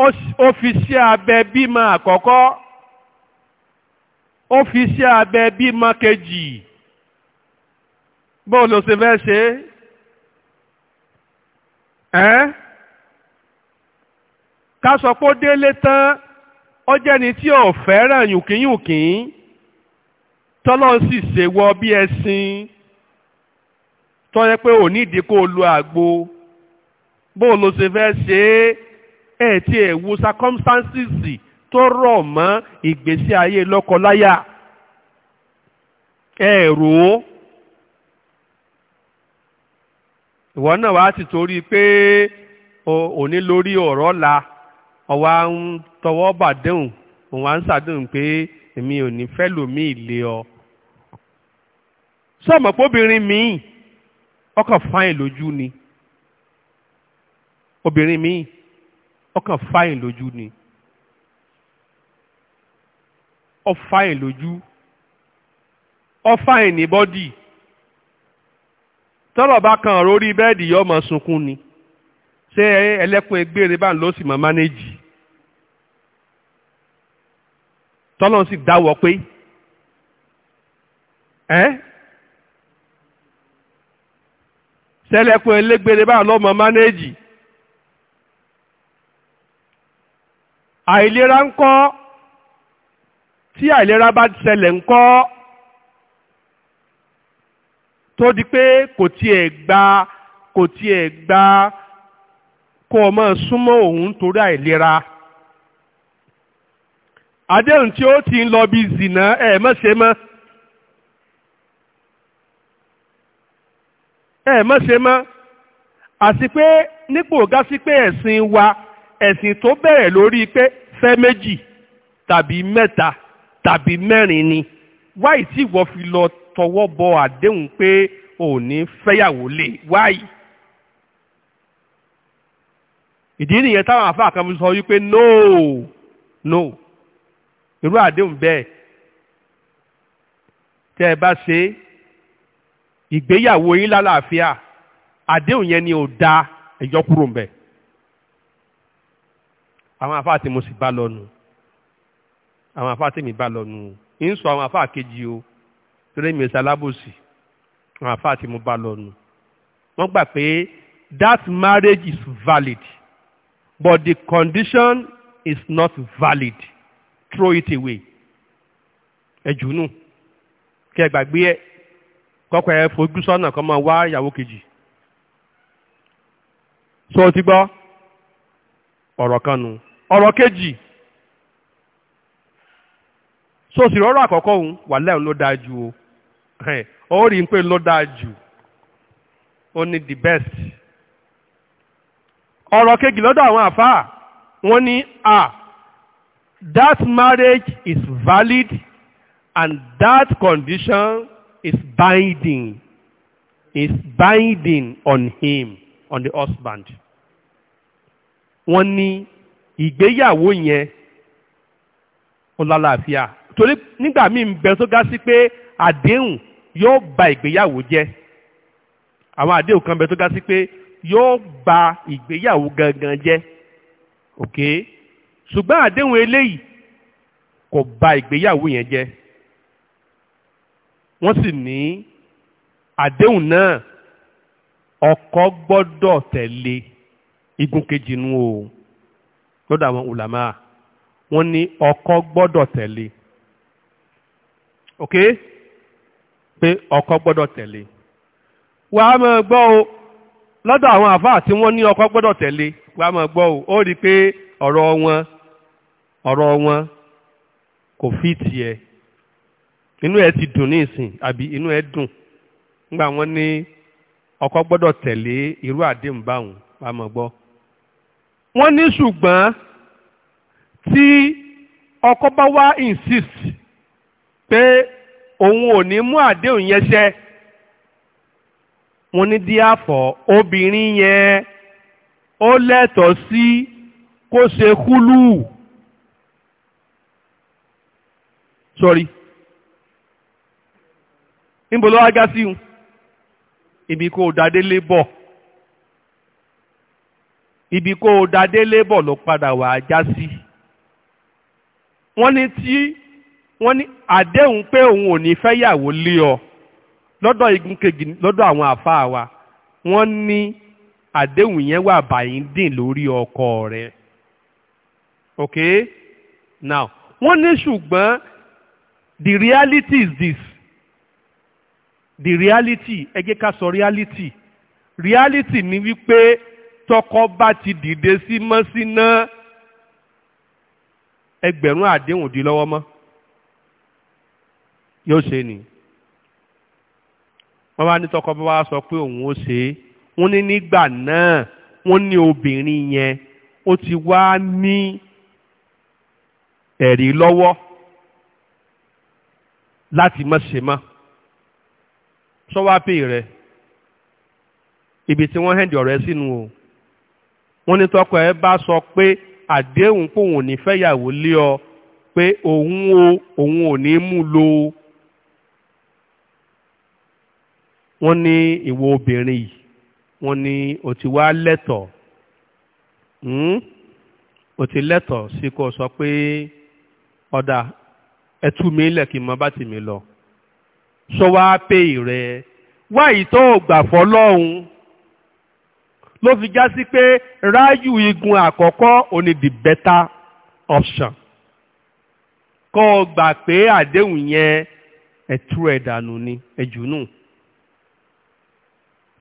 ó abẹ bímọ àkọ́kọ́ ó abẹ bímọ kejì bó ṣe fẹ́ ṣe ẹ́ ká pé ó délé tán ó jẹ́ni tí ò fẹ́ràn yùnkínyùnkín tọ́lọ́ sì ṣèwọ bí agbo tọ́yẹ pé ò kó ẹ̀ tí wo circumstances tó rọ̀ mọ́ ìgbésí ayé lọ́kọláya ẹ̀ rò ó ìwọ náà wàá sì torí pé òní lórí ọ̀rọ̀ la ọ̀wá ń tọwọ́ bàdéhùn òun wá ń ṣàdéhùn pé èmi ò ní fẹ́ lòmí ìlé ọ sọmọ pọ́bìnrin míì ọkàn fáìn lójú ni obìnrin míì ọkàn fáyìn lójú ni ọ fáyìn lójú ọ fáyìn ní bọ́dì tọ́rọ̀ bá kan ọ̀rọ̀ orí bẹ́ẹ̀dì yọ ọmọ sunkún ni ṣé ẹlẹ́kùn egbére bá ń lọ sí mọ́ mánéjì tọ́lọ́ sì dáwọ́ pé ẹ́ ṣẹlẹ́kùn elégbére bá lọ́mọ mánéjì. àìlera ń kọ́ tí àìlera bá ṣẹlẹ̀ ń kọ́ tó di pé kò tiẹ̀ gba kò tiẹ̀ gba kó o máa súnmọ́ òun torí àìlera àdéhùn tí ó ti ń lọ bí zìnà ẹ̀ má ṣe mọ́ ẹ̀ má ṣe mọ́ àti pé nípò gásí pé ẹ̀sìn wa ẹ̀sìn tó bẹ̀rẹ̀ lórí pé fẹ́ méjì tàbí mẹ́ta tàbí mẹ́rin ni wáyì tí ìwọ fi lọ tọwọ́ bọ àdéhùn pé ò ní fẹ́yàwó lé wáyì. ìdí nìyẹn táwọn àfáà kan fi sọ wípé no no irú àdéhùn bẹ́ẹ̀ tẹ́ ẹ bá ṣe ìgbéyàwó yín lálàáfíà àdéhùn yẹn ni ò da ẹ̀yọkúrò mbẹ́ àwọn àfáà tí mo sì bá lọ́nu àwọn àfáà tí mi bá lọ́nu ń sọ àwọn àfáà kejì o torí mi ò ṣalábòsì àwọn àfáà tí mo bá lọ́nu wọ́n gbà pé that marriage is valid but the condition is not valid throw it away ẹ̀jù nù kí ẹ gbàgbé ẹ kọ́kọ́ ẹ fojú sọ́nà kọ́ máa wá ìyàwó kejì so ti gbọ́ ọ̀rọ̀ kan nu ọ̀rọ̀ kejì so sì rọ́rọ̀ àkọ́kọ́ òun wà lẹ́hìn ló dáa ju o ó rí i pé ló dáa jù ó ní the best ọ̀rọ̀ kejì lọ́dọ̀ àwọn àfáà wọ́n ní a that marriage is valid and that condition is binding is binding on him on the husband wọ́n ní ìgbéyàwó yẹn ó lálàáfíà torí nígbà míì ń bẹ tó ga sí pé àdéhùn yóò ba ìgbéyàwó jẹ́ àwọn àdéhùn kan bẹ tó ga sí pé yóò ba ìgbéyàwó gangan jẹ́ ok ṣùgbọ́n àdéhùn eléyìí kò ba ìgbéyàwó yẹn jẹ́ wọ́n sì ní àdéhùn náà ọkọ gbọ́dọ̀ tẹ̀lé igun kejì nu o. lọ́dọ̀ àwọn ulama wọ́n ní ọkọ gbọ́dọ̀ tẹ̀lé ok pé ọkọ gbọ́dọ̀ tẹ̀lé wà á máa gbọ́ o lọ́dọ̀ àwọn àfáà tí wọ́n ní ọkọ gbọ́dọ̀ tẹ̀lé wà á o ó rí i pé ọ̀rọ̀ wọn ọ̀rọ̀ wọn kò fi ti dùn ní ìsìn àbí inú ẹ dùn nígbà wọn ọkọ gbọ́dọ̀ tẹ̀lé irú àdéhùn báwọn wà á gbọ́ wọ́n ní ṣùgbọ́n tí ọkọ bá wá insist pé òun ò ní mú àdéhùn yẹn ṣẹ wọn ní díàfọ obìnrin yẹn ó lẹ́tọ̀ọ́ sí kó ṣe kúlù sorry níbo ló wá já sí un ibi kó o dádélé bọ̀ ibi kó o dádélé bọ̀ ló padà wà á já sí. Si wọ́n ní tí wọ́n ní àdéhùn pé òun ò ní fẹ́ yàwó lé ọ lọ́dọ̀ igun kejì lọ́dọ̀ àwọn àfáà wa wọ́n ní àdéhùn yẹn wà bàyíndìn lórí ọkọ rẹ̀ ok now wọ́n ní ṣùgbọ́n the reality is this the reality ẹ jẹ́ ká sọ reality reality ni wípé tọkọ bá ti dìde sí mọ́sí náà ẹgbẹ̀rún àdéhùn di lọ́wọ́ mọ́ yóò ṣe ni wọ́n bá ní tọkọ bá wá sọ pé òun ó ṣe é wọ́n ní nígbà náà wọ́n ní obìnrin yẹn ó ti wá ní ẹ̀rí lọ́wọ́ láti má ṣe mọ́ sọ́wápì rẹ̀ ibi tí wọ́n hẹ́ndì ọ̀rẹ́ sínú o wọ́n ní tọkọ ẹ bá sọ pé àdéhùn pòun ò ní fẹ́yàwó lé ọ pé òun o òun ò ní mú lò wọ́n ní ìwọ obìnrin yìí wọ́n ní o ti wá lẹ́tọ̀ọ́ hmm? o ti lẹ́tọ̀ọ́ sí kó sọ pé ọ̀dà ẹtú mi lẹ̀ kí n mọ bá tì mí lọ sọ wá pé rẹ wáyìí tó gbà fọ́ ló fi já sí pé ráyù igun àkọ́kọ́ ò ní the better option kọ́ ọ gbà pé àdéhùn yẹn ẹ̀tú ẹ̀dànù ni ẹ̀jùnù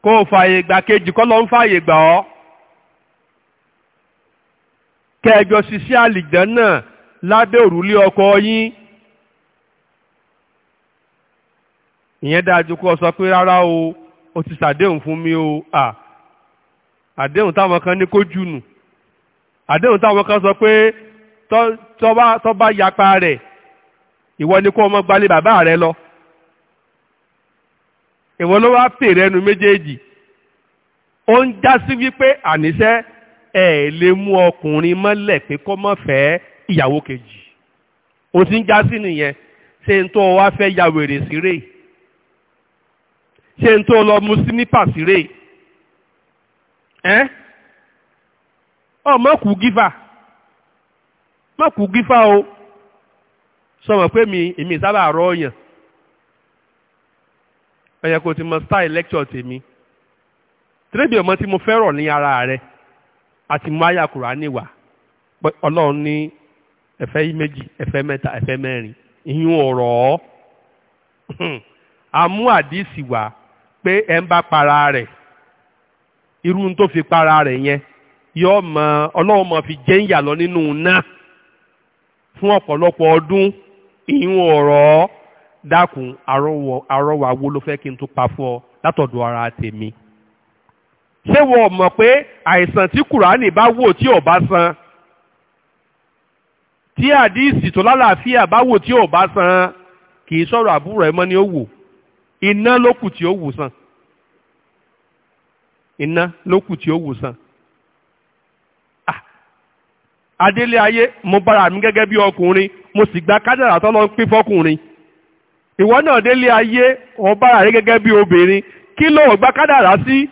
kó o fààyè gbà kejì kọ́ ló ń fààyè gbà ọ́ kẹjọ ṣiṣẹ́ àlìjẹ́ náà lábẹ́ òrùlé ọkọ yín ìyẹn dájú kó o sọ pé rárá o o ti ṣàdéhùn fún mi o Ah àdéhùn táwọn kan ní kó jùnù àdéhùn táwọn kan sọ pé tọ́ba tọ́ba yapa rẹ̀ ìwọ ni kó ọmọ gbalé bàbá rẹ lọ ìwọ ló wá fèrè ẹnu méjèèjì ó ń já sí wípé àníṣe ẹ lè mú ọkùnrin mọ́lẹ̀ pé kó má fẹ́ ìyàwó kejì ó ti ń já sí nìyẹn ṣé n tó wá fẹ́ ya wèrè sí rèé ṣé n tó lọ mu sí sí rèé ẹ́ ọ má kú gífà má kú gífà o sọmọ pé mi èmi sábà rọ ọyàn ẹ̀yẹ ti mọ style lecture tèmi tírébì ọmọ mo fẹ́ràn ní ara rẹ àti mú ayakura Kùránì wá ọlọ́run ní ẹ̀fẹ́ méjì ẹ̀fẹ́ mẹ́ta ẹ̀fẹ́ mẹ́rin ìyún ọ̀rọ̀ ọ́ àmú hmm. àdìsí wa pé ẹ ń para rẹ̀ irú tó fi para rẹ̀ yẹn yóò mọ ọlọ́run mọ̀ fi jẹ́ ìyà lọ nínú náà fún ọ̀pọ̀lọpọ̀ ọdún ìhun ọ̀rọ̀ dákun àrọwà wo ló fẹ́ kí n tó pa fún ọ látọ̀dọ̀ ara tèmi ṣé wọ́n mọ̀ pé àìsàn tí kùránì bá wò tí ò bá san tí àdíìsì tó lálàáfíà bá wò tí ò bá san kì í sọ̀rọ̀ àbúrò ẹ̀ mọ́ ni ó wò iná ló tí ó wù sàn. iná ló kù tí ó wù sàn. Ah, adélé ayé mo bára mi gẹ́gẹ́ bí ọkùnrin mo sì gba kádàrà tọ́lọ́ ń pín fọ́kùnrin ìwọ náà délé ayé o bára rẹ gẹ́gẹ́ bí obìnrin kí ló gba kádàrà sí.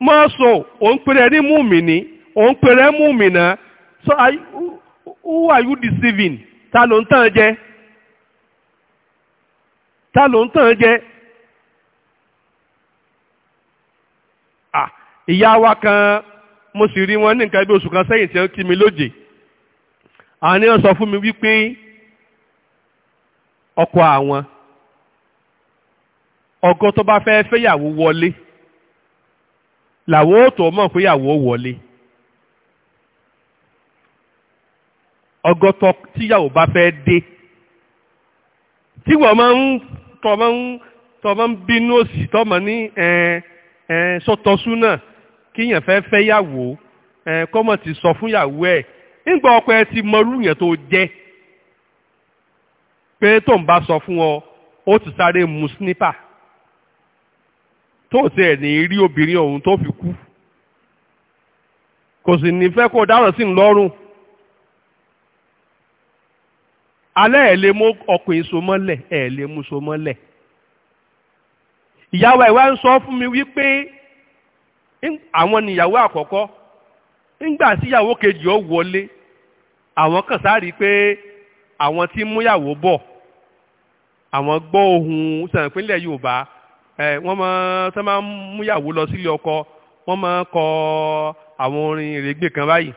mọ́ sọ òun pèrè ní mùmìnì òun pèrè mùmìnà so who, who are you deceiving ta ló ń tàn jẹ ta ló ń tàn jẹ. ìyá wa kan mo sì rí wọn ní nǹkan bí oṣù kan sẹ́yìn tí wọ́n kí mi lóje àní wọ́n sọ fún mi wípé ọkọ àwọn ọgọ́ tó bá fẹ́ fẹ́yàwó wọlé làwọn ò tó mọ̀ pé yàwó wọlé ọgọ́ tó tíyàwó bá fẹ́ dé tí wọ́n máa ń tọ́ máa ń tọ́ máa ń bínú òsì tọ́ máa ní ẹ̀ ẹ̀ sọ́tọ̀ súnà. So kíyàn fẹ́ fẹ́ yàwó ẹ kọ́mọ̀ ti sọ fún yàwó ẹ̀ ńgbà ọkọ ẹ ti mọ irú yẹn tó jẹ́ pé tó ń bá sọ fún ọ ó ti sáré mu sniper tó tiẹ̀ ní rí obìnrin ọ̀hún tó fi kú kò sì ní fẹ́ kó dáràn sí ńlọ́rùn alẹ́ ẹ̀ lè mú ọkùnrin so mọ́lẹ̀ ẹ̀ lè mú so mọ́lẹ̀ ìyàwó ẹ̀ wá ń sọ fún mi wípé àwọn níyàwó àkọ́kọ́ ńgbà síyàwó kejì ọ wọlé àwọn kan sáré pé àwọn tí múyàwó bọ̀ àwọn gbọ́ ohun sàn ìpínlẹ̀ Yorùbá ẹ wọ́n máa sọ máa ń múyàwó lọ sílé ọkọ wọ́n máa ń kọ àwọn orin ìrègbè kan báyìí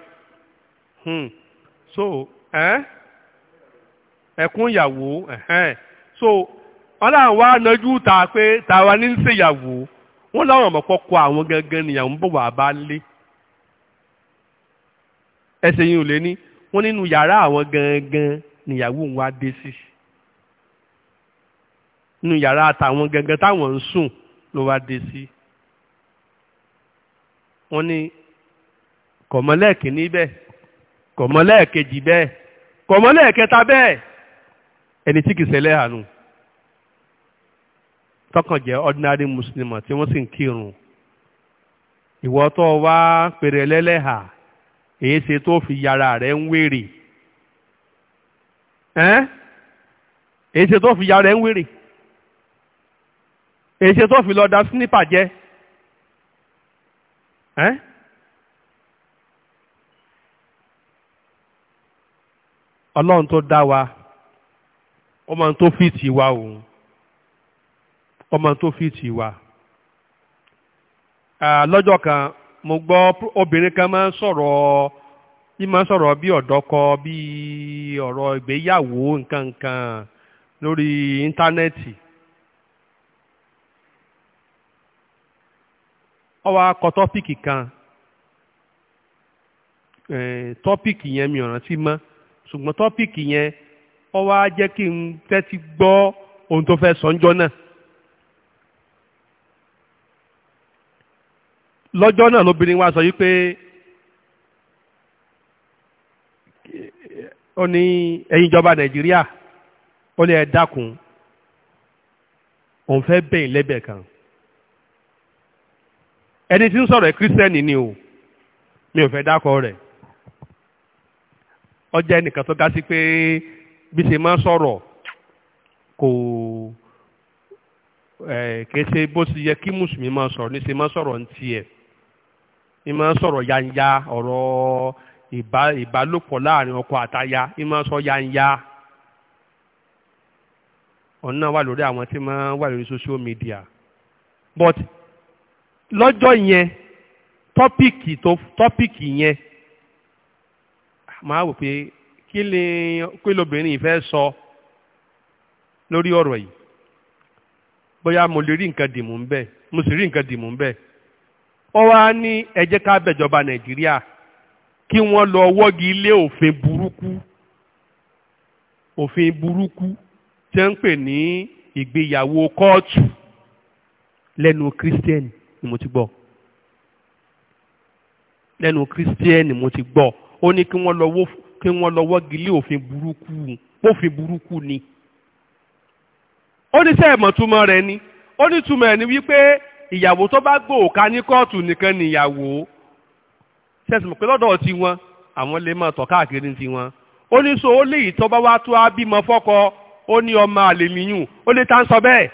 hmm. so ẹkún ìyàwó so wọ́n láwọn wá nájú ta pé tàwa ní ń ṣèyàwó. wọ́n láwọn ọmọ kọkọ àwọn gangan nìyàwó ń bọ̀ wá bá lé ẹsẹ̀ yìí ò lé ní wọ́n nínú yàrá àwọn gangan nìyàwó ń wá dé sí nínú yàrá àtàwọn gangan táwọn ń sùn ló wá dé sí wọ́n ní kọ̀mọ́lẹ́ẹ̀kìní bẹ́ẹ̀ kọ̀mọ́lẹ́ẹ̀kejì bẹ́ẹ̀ kọ̀mọ́lẹ́ẹ̀kẹta bẹ́ẹ̀ ẹni tí kìí ṣẹlẹ̀ àánú. tọkàn jẹ ordinary muslim tí wọn sì ń kírun ìwọ tó wá pèrè lẹ́lẹ́hà èyí ṣe tó fi yàrá rẹ̀ ń wèrè ẹ́n èyí ṣe tó fi yàrá rẹ̀ ń wèrè èyí ṣe tó fi lọ da sínípà jẹ ọlọ́run tó dá wa ó máa ń tó fìtì òun ọmọ tó fi tì wá. lọ́jọ́ kan mo gbọ́ obìnrin kan máa ń sọ̀rọ̀ bí máa ń sọ̀rọ̀ bí ọ̀dọ́kọ bí ọ̀rọ̀ ìgbéyàwó nǹkan nǹkan lórí íńtánẹ́ẹ̀tì. wá kọ tọ́pìkì kan tọ́pìkì yẹn mi ò ma mọ́ ṣùgbọ́n tọ́pìkì yẹn jẹ́ kí n ohun tó fẹ́ sọ lọ́jọ́ náà lóbìnrin wa sọ yí pé ó ní ẹ̀yin ìjọba nàìjíríà ó ní ẹ òun fẹ́ bẹ̀yìn lẹ́bẹ̀ kan ẹni tí ń sọ̀rọ̀ ẹ̀ kírísítẹ́nì ni o mi ò fẹ́ dákọ̀ rẹ̀ ó jẹ́ ẹnìkan tó ga sí pé bí ṣe máa ń sọ̀rọ̀ kò ẹ̀ kìí ṣe bó ti yẹ kí mùsùlùmí máa sọ̀rọ̀ ní ṣe máa sọ̀rọ̀ ní tiẹ̀. ìmọ̀ sọ̀rọ̀ yanya ọ̀rọ̀ ìbálòpọ̀ láàrin ọkọ àtaya ìmọ̀ sọ yanya ọ̀nà wà lórí àwọn tí máa wà lórí social media but lọ́jọ́ yẹn tọ́pìkì tó tọ́pìkì yẹn máa wò pé kí ni kí lóbìnrin ìfẹ́ sọ lórí ọ̀rọ̀ yìí bóyá mo lè rí nǹkan dìmú ń bẹ́ẹ̀ mo sì rí nǹkan dìmú ń bẹ́ẹ̀. ó wá ní ẹ jẹ́ ká bẹ̀jọba nàìjíríà kí wọ́n lọ wọ́gi ilé òfin burúkú òfin burúkú tẹ́ ń pè ní ìgbéyàwó kóòtù lẹ́nu kírísítẹ́nì ni mo ti gbọ́ lẹ́nu kírísítẹ́nì mo ti gbọ́ ó ní kí wọ́n lọ wọ́gi ilé òfin burúkú òfin burúkú ni ó ní sẹ́ẹ̀mọ̀túmọ̀ rẹ̀ ni ó ní túmọ̀ ẹ̀ ni wípé ìyàwó tó bá gbòòká ní kóòtù nìkan nìyàwó sẹ́sìmọ̀ pé lọ́dọ̀ ti wọn àwọn lè máa tọ̀ káàkiri ti wọn ó ní so ó lè ìtọ́ bá wá tó a bímọ fọ́kọ ó ní ọmọ àlèmíyùn ó lè tá ń sọ bẹ́ẹ̀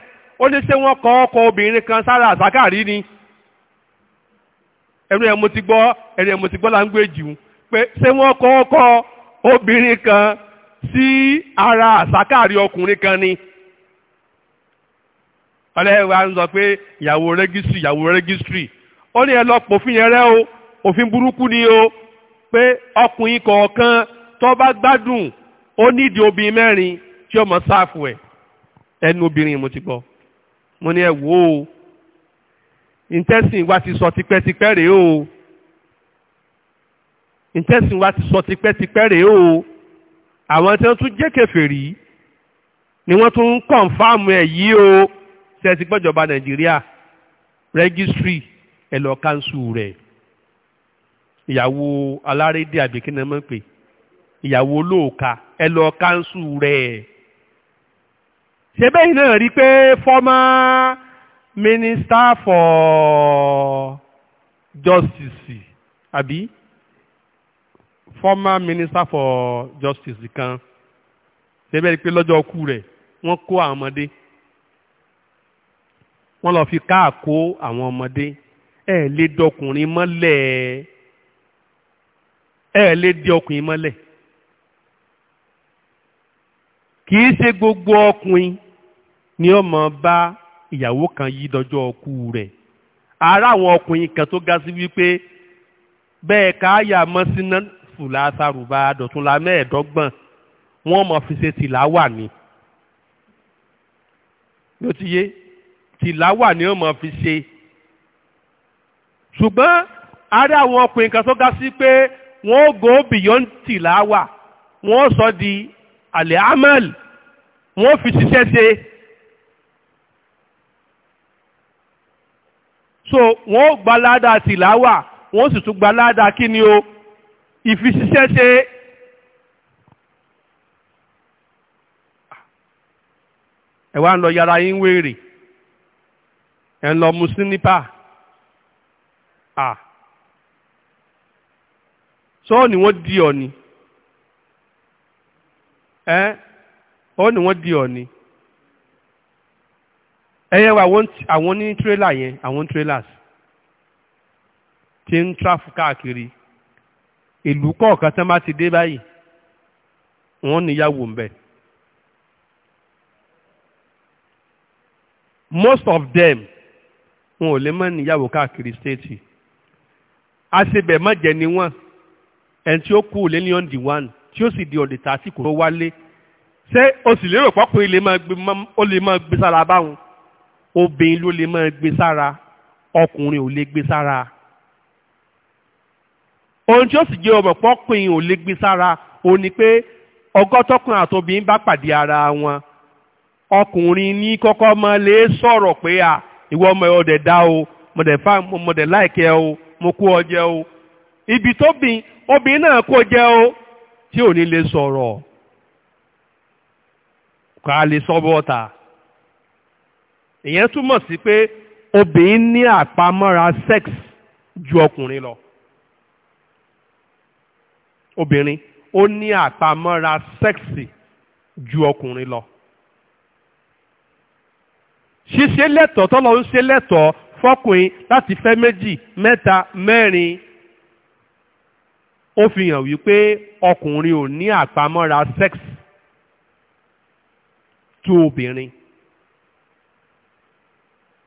ó ní ṣé wọ́n kọ́ ọkọ obìnrin kan sára àsákàrí ni ẹnu ẹ̀ mo ti gbọ́ ẹnu ẹ̀ mo ti gbọ́ láńgbèjì pé ṣé wọ́n kọ́ ọkọ obìnrin kan sí ara àsákàrí ọkùnrin kan ni ọlẹ́wà ń sọ pé ìyàwó rẹ́gísírì ìyàwó rẹ́gísírì ó ní ẹ lọ pòfin yẹn rẹ o òfin burúkú ni o pé ọkùnrin kọ̀ọ̀kan tó bá gbádùn ó nídìí obìnrin mẹ́rin tí ọmọ sáàfù ẹ̀ ẹnu obìnrin mo ti gbọ́ mo ní ẹ wò ó ìtẹ́sìn wa ti sọ tipẹ́tipẹ́ rèé o ìtẹ́sìn wa ti sọ tipẹ́tipẹ́ rèé o àwọn tí wọ́n tún jẹ́ kèfèrí ni wọ́n tún ń kọ̀ǹfàmù ẹ̀ yìí o tẹ́sí gbọ́jọba nàìjíríà rẹ́gísírì ẹ̀ lọ káńsù rẹ̀ ìyàwó alárédè àbíkínà mọ̀ pé ìyàwó olóòka ẹ lọ rẹ̀ ṣe bẹ́ẹ̀ náà rí pé former minister for justice àbí former minister for justice kan ṣe bẹ́ẹ̀ rí pé lọ́jọ́ ọkú rẹ̀ wọ́n kó àwọn ọmọdé wọ́n lọ fi káàkó àwọn ọmọdé ẹ lè dọkùnrin mọ́lẹ̀ ẹ lè dé ọkùnrin mọ́lẹ̀ kì í ṣe gbogbo ọkùnrin ni ó mọ bá ìyàwó kan yí dọjọ́ ọkú rẹ̀ ara àwọn ọkùnrin kan tó ga sí wípé bẹ́ẹ̀ káyà mọ́ síná fùlà sàrùbà dọ̀túnla mẹ́ẹ̀ẹ́dọ́gbọ̀n wọ́n mọ̀ fi ṣe tìlá wà ní. ló ti yé tìláwà ni wọ́n máa fi ṣe ṣùgbọ́n a rí àwọn ọkùnrin kan tó ga sí pé wọ́n go beyond tìláwà wọ́n sọ di àlẹ́ amẹ́lì wọ́n fi ṣiṣẹ́ ṣe so wọ́n gba ládàá tìláwà wọ́n sì tún gba ládàá kí ni o ìfiṣiṣẹ́ ṣe ẹ̀ wá ń lọ yàrá yín wéèrè ẹ̀ lọ mu sínípà à sọ́ọ́ ni wọ́n di ọ̀ni ẹ́ ọ́ ni wọ́n di ọ̀ni ẹ̀yẹ wa àwọn ní tírélà yẹn àwọn tírélàs ti ń tráfù káàkiri ìlú kọ̀ọ̀kan tán bá ti dé báyìí wọ́n níyàwó ń bẹ̀. most of them wọn ò lè mọ́ níyàwó káàkiri stéètì àṣebẹ̀ mọ̀jẹ̀ ni wọ́n ẹni tí ó kú lé ní ọ̀ndì one tí ó sì di ọ̀dì tààtì kò tó wálé ṣé o sì lérò pọ́pọ́ ilé ó lè máa gbé sára báwọn obìnrin ló lè máa gbé sára ọkùnrin ò lè gbé sára ohun tí ó sì jẹ́ ọmọ pọ́pìn ò lè gbé sára ó ní pé ọgọ́tọ́kùnrin àtòbìnrin bá pàdé ara wọn ọkùnrin ní kọ́kọ́ máa lè sọ̀rọ̀ pé à ìwọ ọmọ ẹ̀ ọ̀dẹ̀ dá o mo dẹ̀ fà mo dẹ̀ láìkẹ́ o mo kó ọ jẹ o ibi tó bin obìnrin náà kó jẹ o tí ò ní lè sọ̀rọ̀ kò lè sọ́ ìyẹn túmọ̀ sí pé obìnrin ní àpamọ́ra sex ju ọkùnrin lọ obìnrin ó ní àpamọ́ra sẹ́ksì ju ọkùnrin lọ ṣíṣe lẹ́tọ̀ọ́ tọ́lọ́ ń ṣe lẹ́tọ̀ọ́ fọ́kùnrin láti fẹ́ méjì mẹ́ta mẹ́rin ó fi hàn wípé ọkùnrin ò ní àpamọ́ra sex tó obìnrin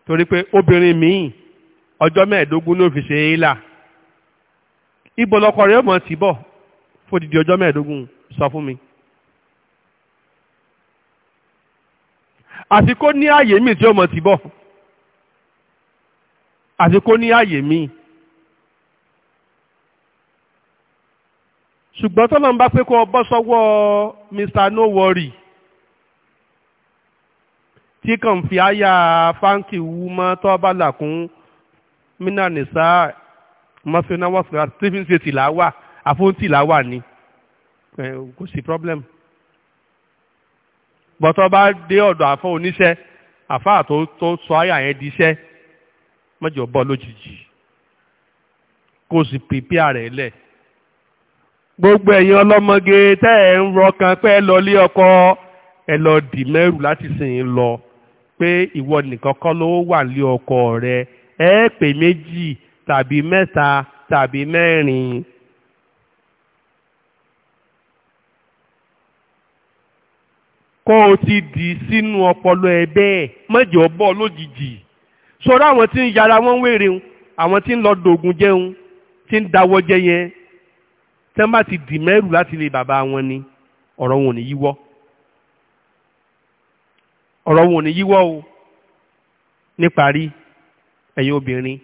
torí pé obìnrin míì ọjọ́ mẹ́ẹ̀ẹ́dógún ló fi ṣe é là ibo lọkọ rẹ̀ ó mọ̀ sí bọ̀ fódìdí ọjọ́ mẹ́ẹ̀ẹ́dógún sọ fún mi. àti kó ní ààyè míì tí ọmọ ti bọ̀ àti kó ní ààyè míì ṣùgbọ́n tọ́lọ́ ń bá pé kó o bọ́ sọ́wọ́ Mr. No Worry tí kàn fi àyà fáńkì wú mọ́ tọ́ bá là kún mínà nìsá mọ́fínà wọ́fínà tí fi ń ṣe tìlá wà àfóńtìlá wà ni kò sí problem bọ́tọ́ bá dé ọ̀dọ̀ àfọ́ oníṣẹ́ àfáà tó tó sọ àyà yẹn di iṣẹ́ mọ́jọ bọ́ lójijì kó o sì pèpéà rẹ̀ lẹ̀. gbogbo ẹ̀yin ọlọ́mọge tẹ́ ẹ̀ ń rọkàn pé ẹ lọ lé ọkọ ẹ lọ dì mẹ́rù láti sìn lọ pé ìwọ nìkan kọ́ ló wà lé ọkọ rẹ ẹ pè méjì tàbí mẹ́ta tàbí mẹ́rin. kọ́ ọ ti dì sínú ọpọlọ ẹ bẹ́ẹ̀ mọ́jọ bọ́ lójijì sọ̀rọ̀ àwọn tí ń yára wọn wéèrè ń àwọn tí ń lọ dògùn jẹun tí ń dáwọ́ jẹ yẹn tẹ́ bá ti dì mẹ́rù láti lè bàbá wọn ni ọ̀rọ̀ wọn ò ní yíwọ́ ọ̀rọ̀ wọn ò ní yíwọ́ o níparí ẹ̀yin obìnrin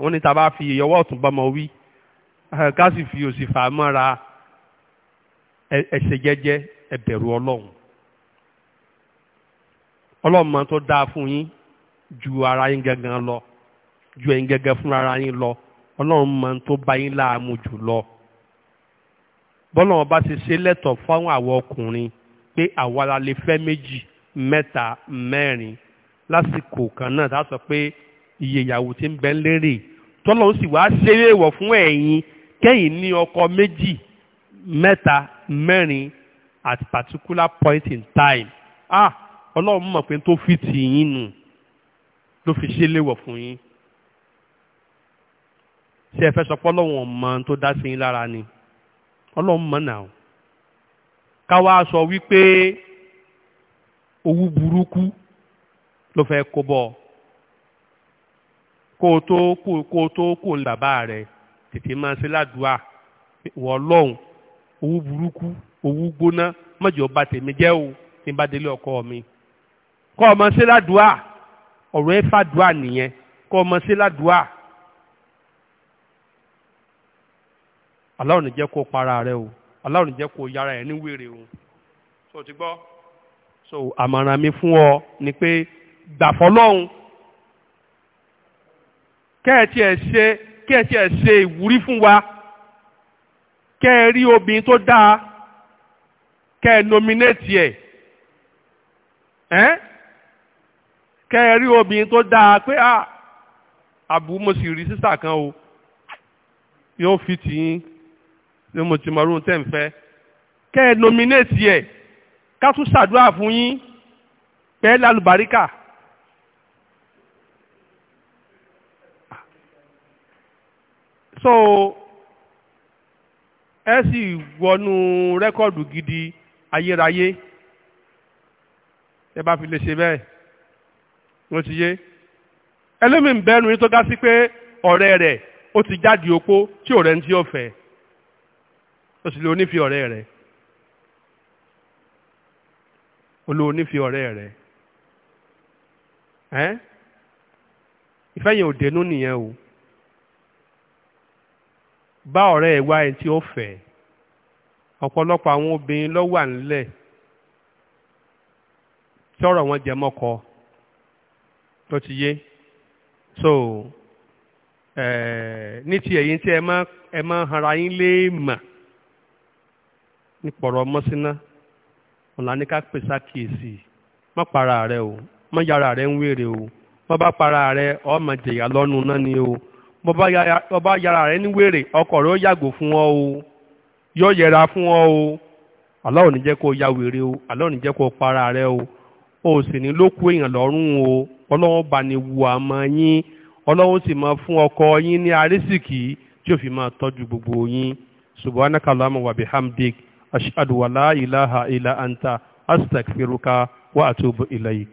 wọ́n ní ta bá fi ìyọwọ́ ọ̀tún bọ́mọ wí ká sì fi òsì fà á mọ́ra ẹ ṣe ọlọrun ọlọrun bẹ̀rù ọlọ́run ọlọ́run máa tó dáa fún yín ju ara yín gangan lọ ju ẹ̀yin gangan fún ara yín lọ ọlọrun máa tó bá yín láàmú jù lọ bọ́lọ́run bá ṣe ṣe lẹ́tọ̀ọ́ fáwọn àwọn ọkùnrin pé àwa la lè fẹ́ méjì mẹta mẹrin lásìkò kan náà tá a sọ pé iye ìyàwó ti ń bẹ ń lérè tọ́lọ́run sì wá ṣeré wọ̀ fún ẹyin kẹ́yìn ní ọkọ méjì mẹ́ta mẹ́rin at particular point in time ah ọlọ́run mọ̀ pé tó fi tì yín nù ló fi ṣe léwọ̀ fún yín ṣé ẹ fẹ́ sọ pé ọlọ́run ọmọ tó dá sí yín lára ni ọlọ́run mọ̀ náà káwa sọ wípé owó burúkú ló fẹ́ kó bọ̀ kó o tó kó o tó kó o ní bàbá rẹ̀ tètè máa ṣe ládùúà wọ́ ọlọ́run owó burúkú owó gbóná mọ̀jọ́ bá tèmi jẹ́ o tí n bá délé ọkọ mi kọ́ ọmọ sí ládùúà ọ̀rọ̀ ẹ fàdùà nìyẹn kọ́ ọmọ sí ládùúà Allah ní jẹ́ kó para rẹ o Allah ní jẹ́ kó yára ẹ ní wèrè o so ti gbọ́ so àmọ̀ràn mi fún ọ ni pé gbàfọ́ lọ́hùn kẹ́ẹ̀tì ẹ̀ ṣe kẹ́ẹ̀tì ẹ̀ ṣe ìwúrí fún wa kẹ́ ẹ rí obìnrin tó dáa kẹ́ ẹ nominate ẹ̀ ẹ́ kẹ́ ẹ rí obìnrin tó dáa pé à àbú mo sì rí sísà kan o yóò fi tì yín ni mo ti mọ̀rún tẹ̀ ń fẹ́ kẹ́ ẹ nominate ẹ̀ ká tún ṣàdúrà fún yín pẹ́ lálùbáríkà. so ẹ sì wọnú rẹ́kọ̀dù gidi ayérayé ẹ bá fi lè ṣe bẹ́ẹ̀ ló ti yé ẹlẹ́mìí bẹ́ẹ̀nu yín tó ga sí pé ọ̀rẹ́ rẹ̀ ó ti jáde opó tí ọ̀rẹ́ ń tí ó fẹ́ ó sì lè onífẹ́ ọ̀rẹ́ rẹ̀ olóò nífẹ̀ẹ́ ọ̀rẹ́ rẹ̀ ẹ́ ìfẹ́ yẹn ò dénú nìyẹn o. bá ọ̀rẹ́ ẹ̀ wá ẹni tí ó fẹ́ ọ̀pọ̀lọpọ̀ àwọn obìnrin ló wà nílẹ̀ tí tọ́rọ̀ wọn jẹ mọ́kọ tó ti yé so ní ti ẹ̀yìn tí ẹ má ẹ má hanra yín léèmà nípa ọ̀rọ̀ mọ́síná ọ̀la ní ká pèsè àkíyèsí má para rẹ o má yára rẹ ń wéèrè o má bá para rẹ ọ́ máa jẹ̀yà lọ́nu náà ni o. bọ́bá yára rẹ̀ ní wèrè ọkọ rẹ̀ ó yàgò fún ọ o yóò yẹra fún ọ o ní ya wèrè o Allah ní para rẹ o o sì ní ló èèyàn lọ́rùn o ọlọ́run bá ní wu àmọ́ yín ọlọ́run sì máa fún ọkọ yín ní arísìkì tí ò fi máa tọ́jú gbogbo yín